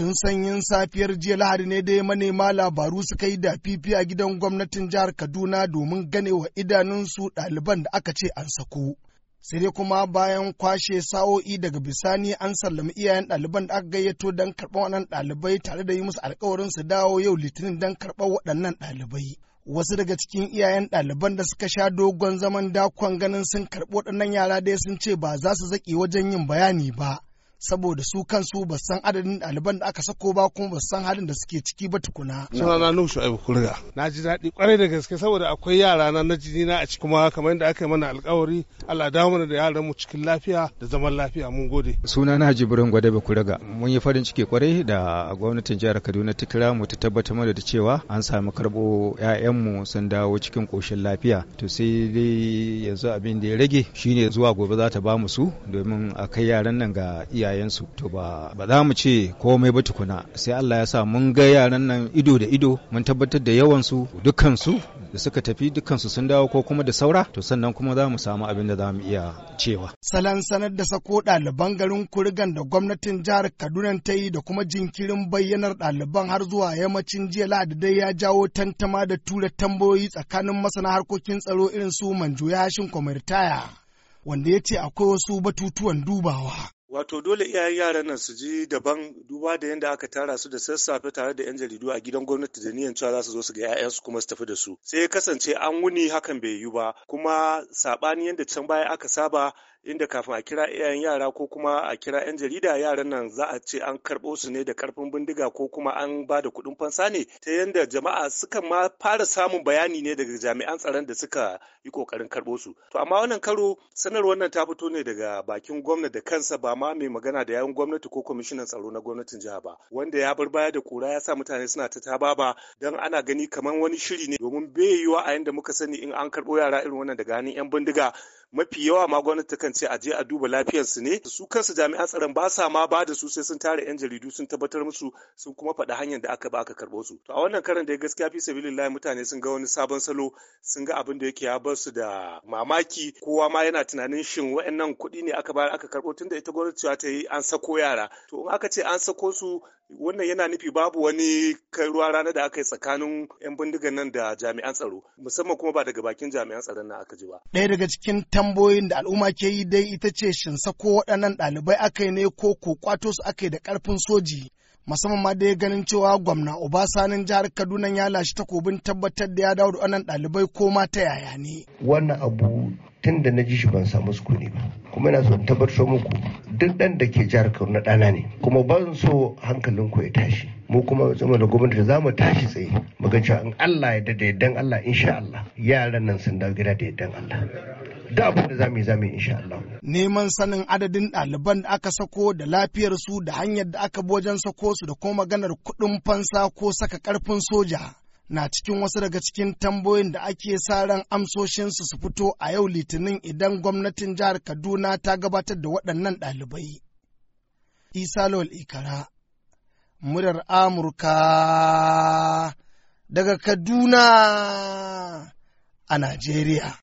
tun sanyin safiyar jiya lahadi ne dai manema labaru suka yi da fifi a gidan gwamnatin jihar kaduna domin gane wa idanunsu ɗaliban da aka ce an saku sai dai kuma bayan kwashe sa'o'i daga bisani an sallami iyayen ɗaliban da aka gayyato don karɓar waɗannan ɗalibai tare da yi musu alkawarin su dawo yau litinin don karɓar waɗannan ɗalibai wasu daga cikin iyayen ɗaliban da suka sha dogon zaman dakon ganin sun karɓi waɗannan yara dai sun ce ba za su zaƙe wajen yin bayani ba saboda su kansu ba san adadin ɗaliban da aka sako ba kuma ba san halin da suke ciki ba tukuna. Suna na Nuhu Shu'aibu Kurga. Na ji daɗi kwarai da gaske saboda akwai yara na na jini na a ciki kuma kamar yadda aka yi mana alƙawari, Allah da mana da yaran mu cikin lafiya da zaman lafiya mun gode. Suna na gwada Gwadabe Kurga. Mun yi farin ciki kwarai da gwamnatin jihar Kaduna ta kira mu ta tabbatar mana da cewa an sami karɓo mu sun dawo cikin ƙoshin lafiya. To sai dai yanzu abin da ya rage shine zuwa gobe za ta ba mu su domin a kai yaran nan ga iyaye iyayensu to ba ba za mu ce komai ba tukuna sai Allah ya sa mun ga yaran nan ido da ido mun tabbatar da yawan su dukkan su da suka tafi dukkan su sun dawo ko kuma da saura to sannan kuma za mu samu abin da za mu iya cewa salan sanar da sako ɗaliban garin kurgan da gwamnatin jihar Kaduna ta yi da kuma jinkirin bayyanar ɗaliban har zuwa yammacin jiya Lahadi dai ya jawo tantama da tura tambayoyi tsakanin masana harkokin tsaro irin su Manjo Yashin Kwamirtaya wanda ya ce akwai wasu batutuwan dubawa. Wato dole iyayen yaran nan su ji daban duba da yadda aka tara su da sassafe tare da 'yan jaridu a gidan gwamnati da niyan cewa za su zo su ga 'ya'yansu kuma su tafi da su. Sai kasance an wuni hakan bai yi ba kuma saɓani yadda can baya aka saba inda kafin a kira iyayen yara ko kuma a kira 'yan jarida yaran nan za a ce an karɓo su ne da karfin bindiga ko kuma an ba da kuɗin fansa ne ta yadda jama'a suka ma fara samun bayani ne daga jami'an tsaron da suka yi ƙoƙarin karɓo su to amma wannan karo sanarwar nan ta fito ne daga bakin gwamnati da kansa ba ma mai magana da yawun gwamnati ko kwamishinan tsaro na gwamnatin jiha ba wanda ya bar baya da kura ya sa mutane suna ta tababa don ana gani kamar wani shiri ne domin bai yiwa a yadda muka sani in an karɓo yara irin wannan daga hannun 'yan bindiga mafi yawa ma gwamnati kan ce a je a duba lafiyarsu ne su kansu jami'an tsaron ba sa ma ba da su sai sun tare yan jaridu sun tabbatar musu sun kuma faɗa hanyar da aka ba aka karɓo su to a wannan karan da gaskiya fi sabilillahi mutane sun ga wani sabon salo sun ga abin da yake ya bar su da mamaki kowa ma yana tunanin shin wa'annan kuɗi ne aka ba aka karɓo tunda ita gwamnati ta yi an sako yara to in aka ce an sako su wannan yana nufi babu wani kai ruwa rana da aka yi tsakanin 'yan bindigan nan da jami'an tsaro musamman kuma ba daga bakin jami'an tsaron nan aka ji ba ɗaya daga cikin tambayoyin da al'umma ke yi dai ita ce shin sako waɗannan ɗalibai aka yi ne ko ko kwato su aka yi da ƙarfin soji musamman ma dai ganin cewa gwamna obasanin jihar kaduna ya lashe takobin tabbatar da ya dawo da waɗannan ɗalibai ko ma ta yaya ne wannan abu tun da na ji shi ban samu su sukuni ba kuma ina so tabbatar muku duk ɗan da ke jihar kaduna ɗana ne kuma ban so ku ya tashi mu kuma zama da gwamnati za mu tashi tsaye mu ga cewa in Allah ya da yardan Allah insha Allah yaran nan sun dawo gida da yardan Allah da abin da zamu yi zamu yi insha Allah neman sanin adadin ɗaliban da aka sako da lafiyar su da hanyar da aka bi wajen sako su da kuma maganar kuɗin fansa ko saka ƙarfin soja na cikin wasu daga cikin tambayoyin da ake sa ran amsoshinsu su fito a yau litinin idan gwamnatin jihar kaduna ta gabatar da waɗannan ɗalibai. isa lawal ikara murar amurka daga kaduna a najeriya